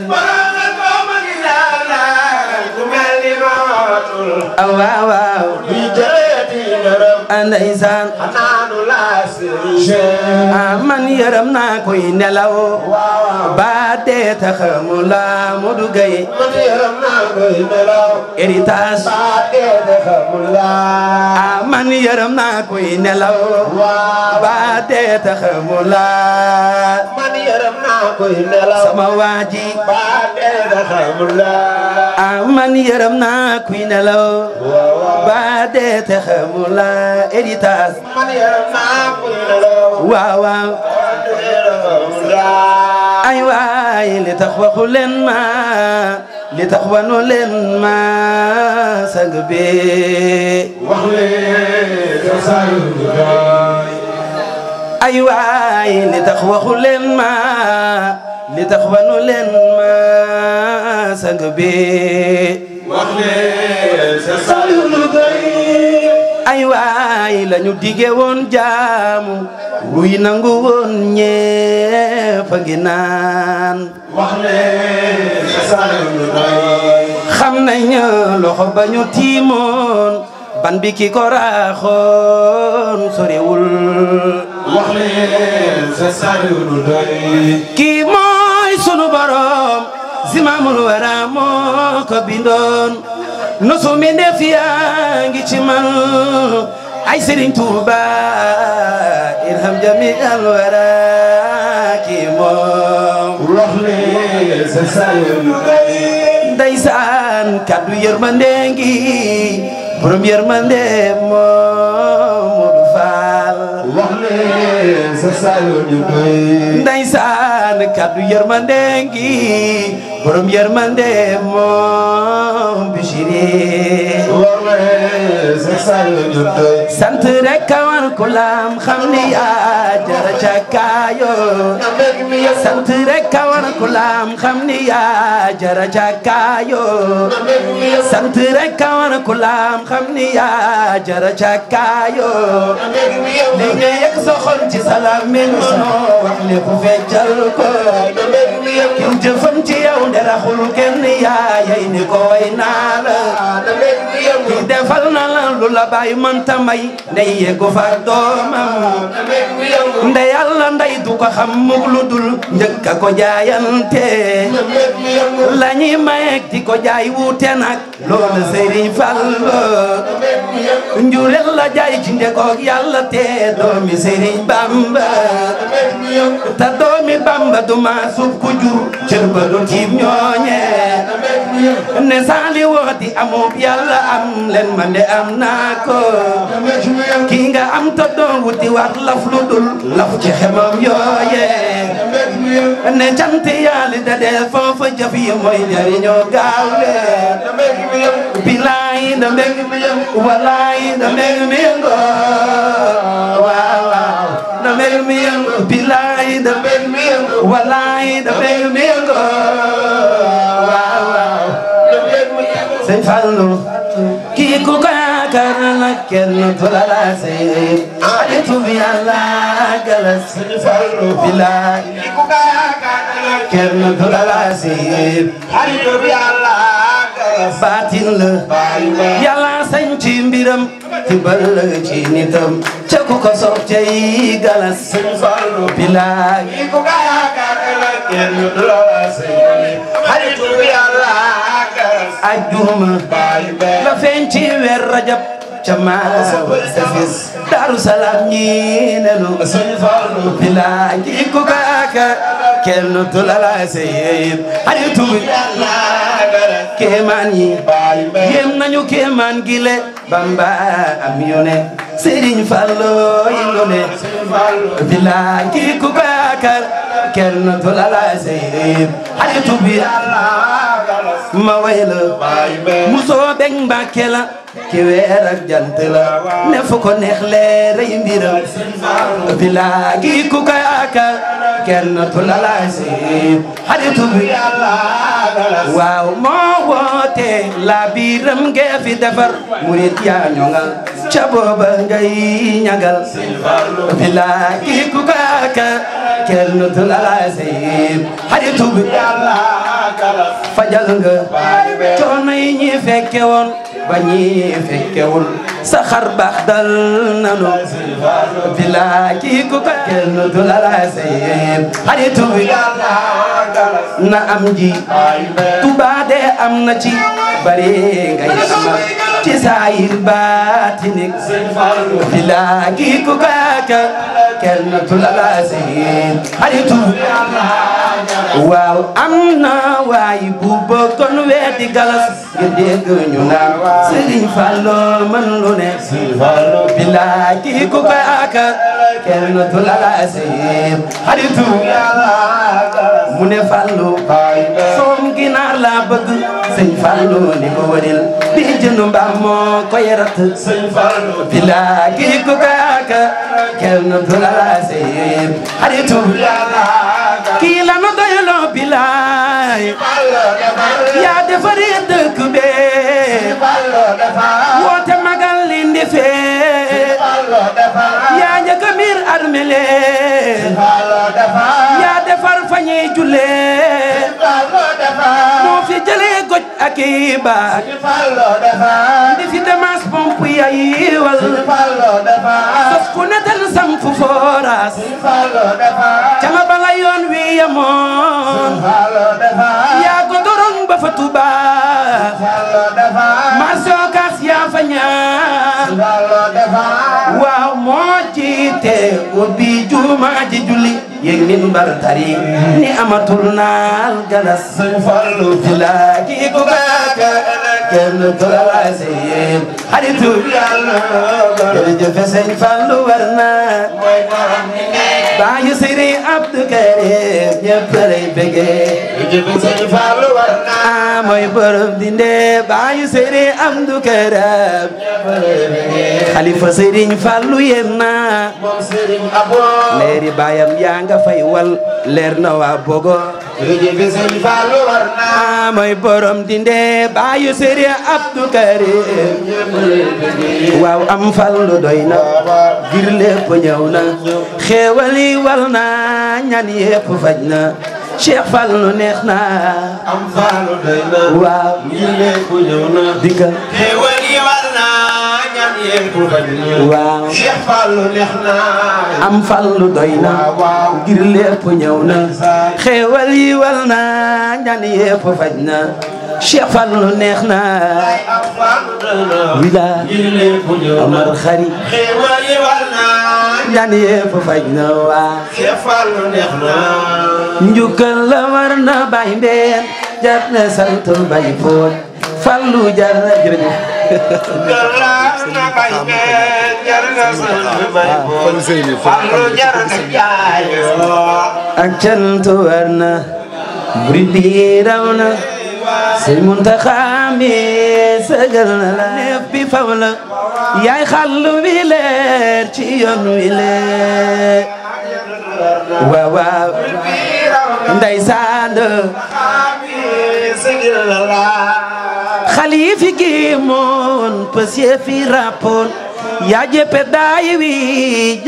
waaw waaw ndeysaan ah, man yërëm naa koy nelaw ba dee tax mu la mu duggay héritage man yërëm naa koy nelaw ba dee tax mu la sama waa ji ah, man yërëm naa koy nelaw ba dee tax mu la héritage ay waay li tax waxu leen ma li tax wanu leen ma sang wax leen sang li tax waxu leen ma li tax wanu leen bi ay waay lañu dige woon jaamu luy nangu woon ñépp ngi naan wax leen xam nañu loxo ba ñu tiimoon ban bi ki ko raaxoon sorewul wax leen kii mooy sunu borom zimaamul wara moo ko bindoon nosu mi ndef yaa ngi ci man ay Serigne Touba irham jami alwara ki moom rox ne sa sayoonu day ndeysaan kaddu yërmande ngi borom yërmande moom Modou Fall rox ne sa sayoonu day ndeysaan kaddu ngi borom yërmande moom Bichri. sant rek war ku laam xam ni yaa jara cakaayoo. sant rek war ku laam xam ni yaa jara cakaayoo. sant rek war ku laam xam ni yaa jara cakaayoo. li nga yëg sa xol ci salaam min mënoo wax lépp feccal ko. kin jëfam ci yow dara xul kenn yaayay ni ko way naa la defal na lu la bàyyi mënta may ndey yeggu fa doomam nde yàlla ndey du ko xam lu dul njëkk a ko jaayante la ñuy di ko jaay wuute nag loolu sëriñ Fall njureel la jaay ci ndekoog yàlla te doomi sëriñ Bamba te doomi Bamba du ma ku jur cër ba du tiim ñooñe ne saali wooti amub yàlla am leen ma nde am naa ko kii nga am to doon wuti wax laf lu dul laf ci xemam yooye ne cant yàlla da dee foofa jëf yi mooy njariñoo gaaw le bilaay da mbég mi yëngu walaay da mbég mi yëngu waaw waaw da mbég mi yëngu bilaay da mbég mi yaakaar na nag kenn du la laase alitu bi yàlla gala suñu fallu bilaay kenn du la laase alitu bi yàlla baatin la yàlla sañ ci mbiram ci bal ci nitam ca ku ko sopp cay galas bilaay ku ka yaakaar ëllëg kenn du la sëñ xaritu yàlla galas ajjuma la feeñ ci weer rajab ca maawal tafis daaru salaam ñi nenu sëñ Fallu bilaay ku ka yaakaar kenn du la sëñ xaritu yàlla kéemaan yi yéem nañu kéemaan gi le bamba am yu ne Serigne Fallou indu ne billaay kii ku baakar kenn du la la seyib xaritu ma way la musoo beg mbàkke la ki weer ne fu neex leer ay mbiram billaay kii ku kenn tu la laay si xaritu bi yàlla waaw moo woote la biiram ngee fi defar murit yaa ñongal ca booba ngay ñagal bilaahi ku kaaka ceerno tun alaa sayib xaritu bi yàlla kala fajal nga coono yi ñi fekke woon ba ñi fekkewul saxar baax dal nanu bilaa kii ku ko ceerno tun alaa sayib xaritu bi yàlla na am ji Tuubaa de am na ci bari ngay amal ci saayir baatinik bilaa kii ku ko ceerno tun alaa sayib xaritu waaw am na waay bu bokkoon weddi galas nga dégg ñu naan Serigne Fallou man lu ne Serigne Fallou billaay kii ku koy aka kenn du la la seyib xaritu mu ne Fallou soom ginaar la bëgg Serigne Fallou ni ko wëril bi jënd mbaam moo koy rat Serigne Fallou billaay kii ku koy laka kenn du la laase xaritu yàlla kii la nu doyloo bilaay yaa defari dëkk be woote magal li ndefe yaa njëkk a miir armele yaa defar fa ñuy julle ki baat Sëñ Fallu dafa di fi demas pomp yayiwal Sëñ Fallu dafa sof ku ne tan samp fooraas Sëñ Fallu dafa cama bala yoon wi yamoon Sëñ Fallu dafa yaa ko dorong ba fa Tuuba Sëñ Fallu dafa marso kaas yaa fa ñaan Sëñ Fallu dafa waaw moo jiite ubbi jumaa ji julli yéeg min bar tari ni amatul naal galas suñ fallu filaa kii ku baaka kenn turawaay si yéen xaritu yàlla jërëjëf sëñ fallu war naa mooy borom ni baayu Sëriñ Abdou Karim ñëpp lay bëggee jëfin Sëriñ Fallu war baayam yaa nga fay wal leer na waa Bogo liggéey bi sëñ Fallu war naa mooy borom Karim waaw am fallu doy na ngir lépp ñëw na xéewal yi wal na Fallu neex am fallu doy waaw ngir lépp ñëw na yéen ku xaj na. waaw Cheikh Fallou neex na. am Fallou doy na. waaw ngir lépp ñëw na. xéewal yi wal na ñaan yépp faj na. Cheikh Fallou neex na. am Fallou doy na. wilaay ngir lépp ñëw na. Amar Khari. xéewal yi wal na. ñaan yépp faj na waaw. Cheikh Fallou neex na. njukkal la war na bay mbeen. jar na sant bay foot. Fallou jar na jërëjëf. na bay meen jar na sël bay bool am lu jar na jaayoo ak cantu war na buri bi raw na sëñ Muntaxa mi sëgal na la neef bi faw la yaay xallu wi leer ci yoon wi leer waaw waaw ndeysaan Kalifi gimoon pës yee fi rappoon yaa jeppe daay wi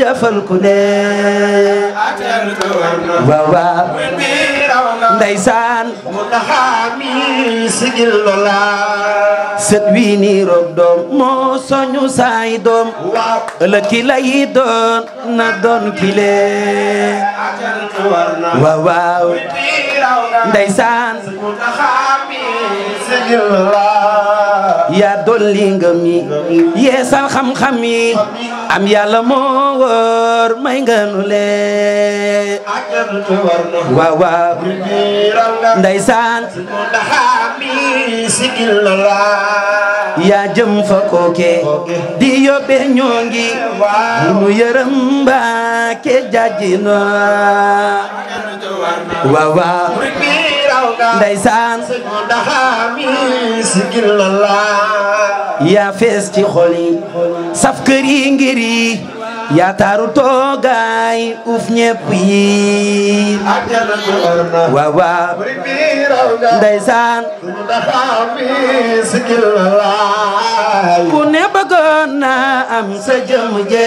jafal ku ne waaw waaw ndeysaan mu taxaami sigil lola sët wii nii doom moo soñu saay doom ëllëg ki doon na doon kile waaw waaw ndeysaan mu taxaami sigil lola yaa dolli ngëm yi yeesal xam-xam yi am yàlla moo wóor may nga nu lee waaw waaw yaa jëm fa kooke di yóbbe ñoo ngi nu yërëm mbaa ke jajji na waaw ndeysaan yaa fees ci xol yi saf kër yi ngir yaataaru toogaay uf ñépp yi waaw waaw ndeysaan ku ne bëggoon na am sa jëm je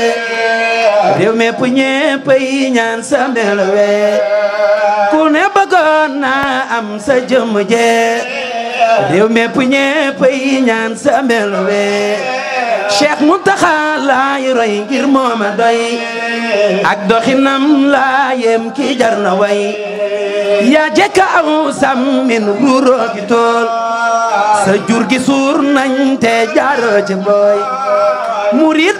réew mépp ñaan sa melwe ku ne bëggoon na am sa jëm je réew mépp ñaan sa cheikh muntaxa laay roy ngir mooma doy ak doxinam laa yem ki jar na way yaa jekka aw sam min ruuroo gi tool sa jur gi suur nañ te jaaroo ci mbooy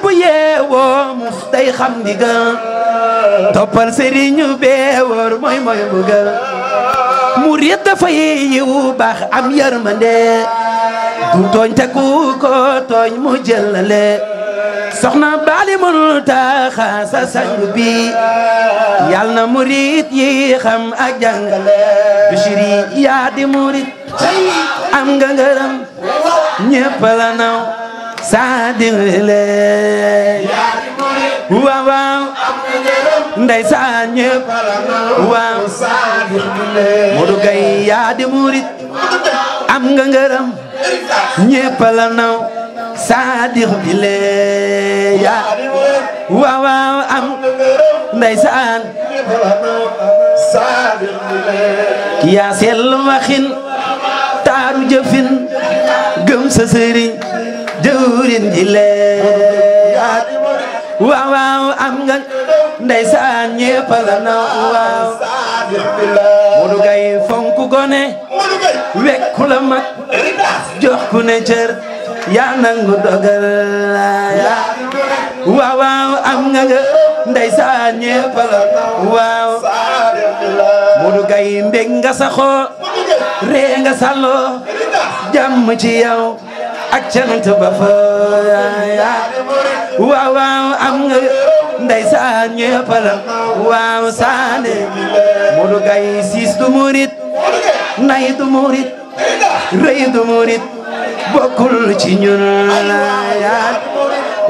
bu yeewoo muf day xam ndigal toppal sëriñu beewoor mooy mooy mbugal murit dafay baax am yërmande du tooñ te ko tooñ mu jëlale soxna baali mënul taxa sa sañu yal na murit yi xam ak jàngale Bichri yaa di murit am nga ngërëm saa digle waaw waaw ndeysaan yaa di murit am nga ñépp la naw saadix bi lee ya waaw waaw am ndeysaan yaa sell waxin taaru jëfin gëm sa jëwrin ji lee waaw waaw am nga ndeysaan ñépp la naw waaw mu dugay fonk gone wekku la mag jox ku ne cër yaa nangu dogal yaa am nga nga ndeysaan ñépp la waaw Modou Gaye mbég nga saxoo ree nga sàlloo jàmm ci yow ak cant ba fa yaa waaw am nga ndeysaan ñépp la waaw saane Modou Gaye siis du murit nay du murit rëy du murit bokkul ci ñun laayaat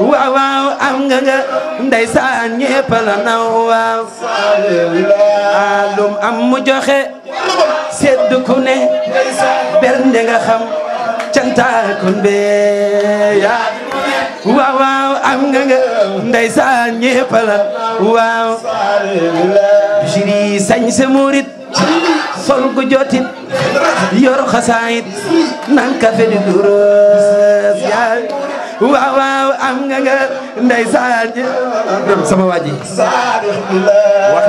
waaw waaw am nga nga ndeysaan ñépp la naw waaw alum am mu joxe sedd ku ne bernde nga xam cantaakon be yaa waaw waaw am nga nga ndeysaan ñépp la waaw bishiri sañ murit sol gu jotit yor xasaayit nan ka di durus yaay waaw am nga nga ndey saal sama waa ji wax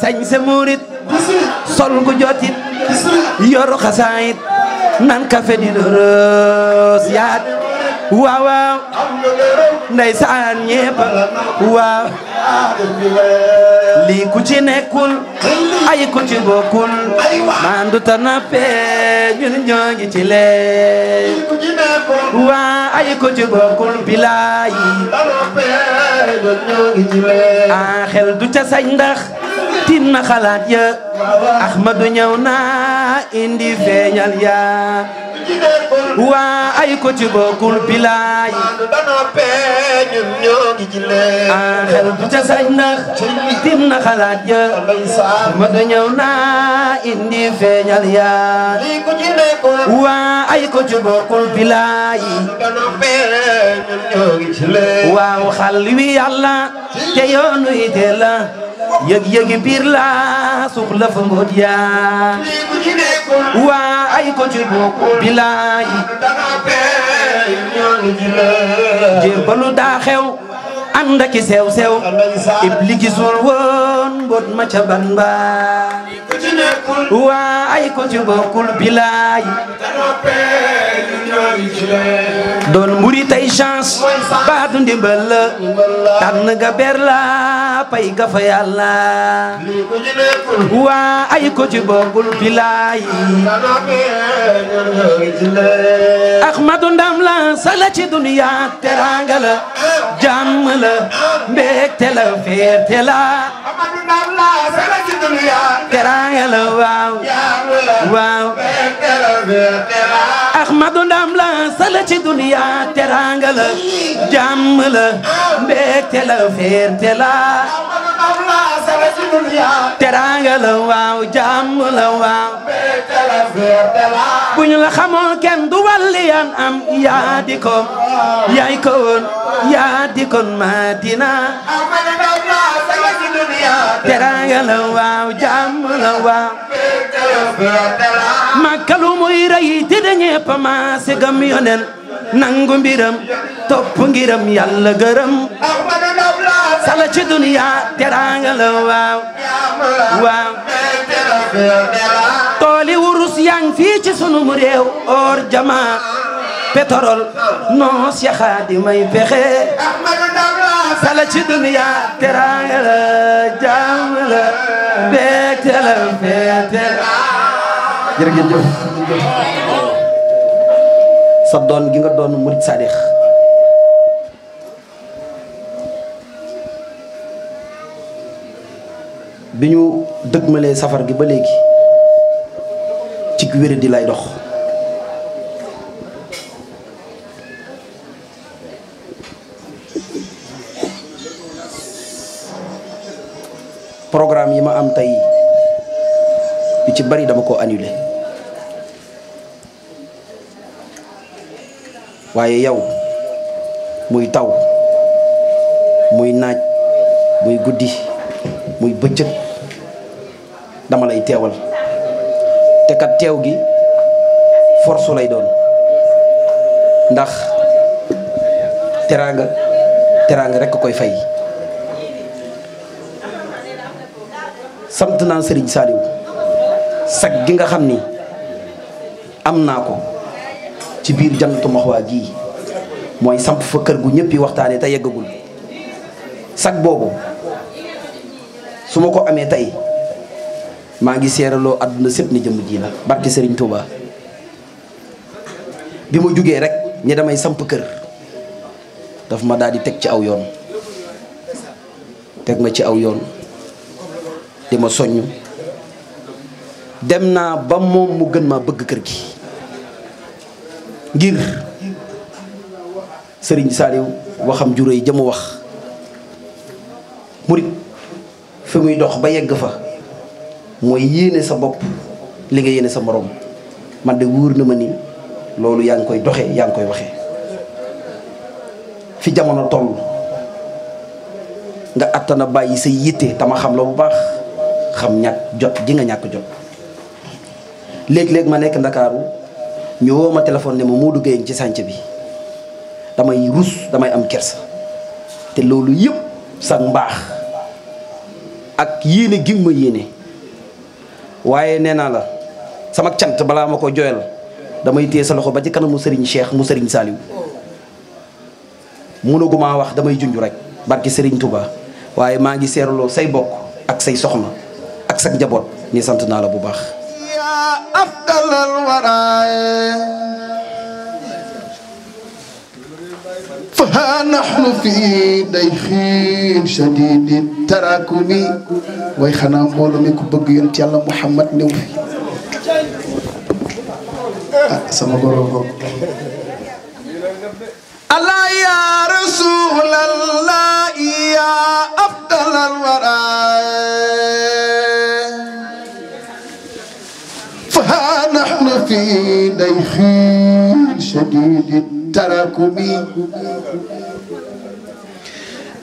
sañ sa sol gu jotit yor nan ka di durus yaat waaw waaw ndeysaan ñépp waaw lii ku ci nekkul ay ku ci bokkul maandu tana pee ñun ñoo ngi ci lee waa ay ku ci bokkul bilaayi ah xel du ca sañ ndax tin na xalaat ya ahmadu ñëw na indi feeñal ya waa ay ko ci bokkul bilaay ah xel na xalaat ya ahmadu ñëw na indi feeñal ya waa ay ko ci waaw xal wi yàlla te yoonu ite yëg-yëgi biir laa soxla fa ngoot yaa waa ay ko ci bokkul bilaayi jébbalu daa xew ànd ak i sew sew ibli gisul woon mbot ma ca ban ba waay ko ci bokkul bilaay doon mburi tay chance baatu ndimbal la tànn ga ber la pay ga fa yàlla waay ko ci bokkul bilaay ahmadu ndam la sala ci duniya teranga la jàmm la mbégte la féete la amadu naam la sala ci dunya teraanga la waaw waaw mbégte la féete la naam la sala ci dunya teraanga la jàmm la mbégte la féete teraanga la waaw jàmm la bu ñu la xamoon kenn du walli am yaa di ko yaay ko woon yaa di kon Madina teraanga la waaw jàmm la waaw màkkalu pamaase gam nangu mbiram topp ngiram yàlla gërëm sala duniya teraanga la waaw waaw tooli wurus yang fii ci sunum réew or jamaa pétrole non Cheikh Khadim may duniya teraanga la jaam la bekte la fete sa doon gi nga doon murid saadix bi ñu dëgmalee safar gi ba léegi ci wér di lay dox programme yi ma am tey yu ci bari dama ko annulé waaye yow muy taw muy naaj muy guddi muy bëccëg dama lay teewal te kat teew gi force lay doon ndax teraanga teraanga rek koy fay sant naa Serigne Saliou sag gi nga xam ni am naa ko ci biir Jannatul Mahwa gii mooy samp fa kër gu ñëpp yi waxtaanee te yeggagul sag boobu su ma ko amee tey maa ngi seeraloo àdduna sépp ni jëmm ji la barke Serigne Touba bi ma jugee rek ñi damay samp kër daf ma daal di teg ci aw yoon teg ma ci aw yoon di ma soññ dem naa ba moom mu gën maa bëgg kër gi ngir sëriñ Saliou waxam juré yi jëmu wax murit fi muy dox ba yegg fa mooy yéene sa bopp li nga yéene sa morom man de wuur na ma ni loolu yaa ngi koy doxe yaa ngi koy waxee fi jamono toll nga àttana bàyyi sa yitte tama xam la bu baax xam ñàkk jot ji ñàkk jot léeg-léeg ma nekk ndakaaru ñu ma téléphone ne ma moo duggee ci sànc bi damay rus damay am kersa te loolu yëpp sax mbaax ak yéene gi ma yéene waaye nee naa la sama cant balaa ma ko joyal damay téye sa loxo ba ci mu Serigne Cheikh mu Serigne Saliou mënaguma wax damay junj rek barki Serigne Touba waaye maa ngi seeraloo say bokk ak say soxna ak sa njaboot ni sant naa la bu baax. فها نحن في ديخين شديد التراكم way xanaa mbooloo mi ku bëgg yonent yàlla Muhammad néew fi ah sama goro ko ala ya rasulallah ya afdalal wara fa nahnu fi dayxin shadidin تركمي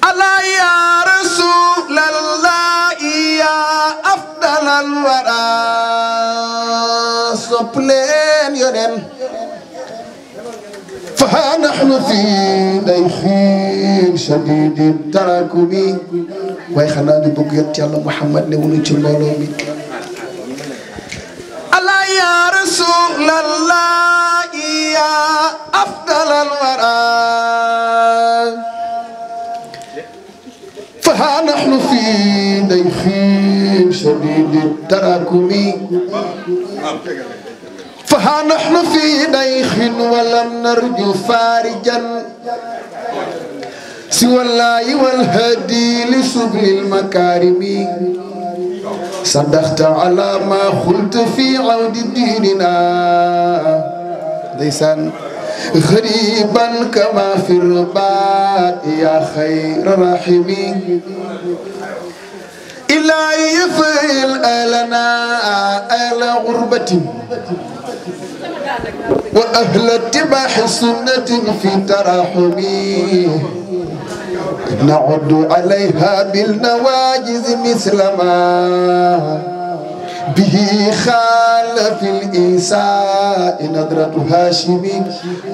ألا يا رسول الله يا أفضل الورى صبلين يونين فها نحن في ديخين شديد التراكمي ويخنا دي بوغيت يالله محمد نونو تي مولو يا رسول الله يا أفضل الورى فها نحن في ضيف شديد التراكم فها نحن في ضيخ ولم نرجو فارجا سوى الله والهدي لسبل المكارم صدقت على ما قلت في عود ديننا ليسان غريبا كما في الرباط يا خير راحمين إلهي يفعل أهلنا أهل غربة وأهل اتباع سنة في تراحمي نعد عليها بالنواجز مثل ما به خالف الإنساء نظرة هاشم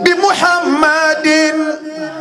بمحمد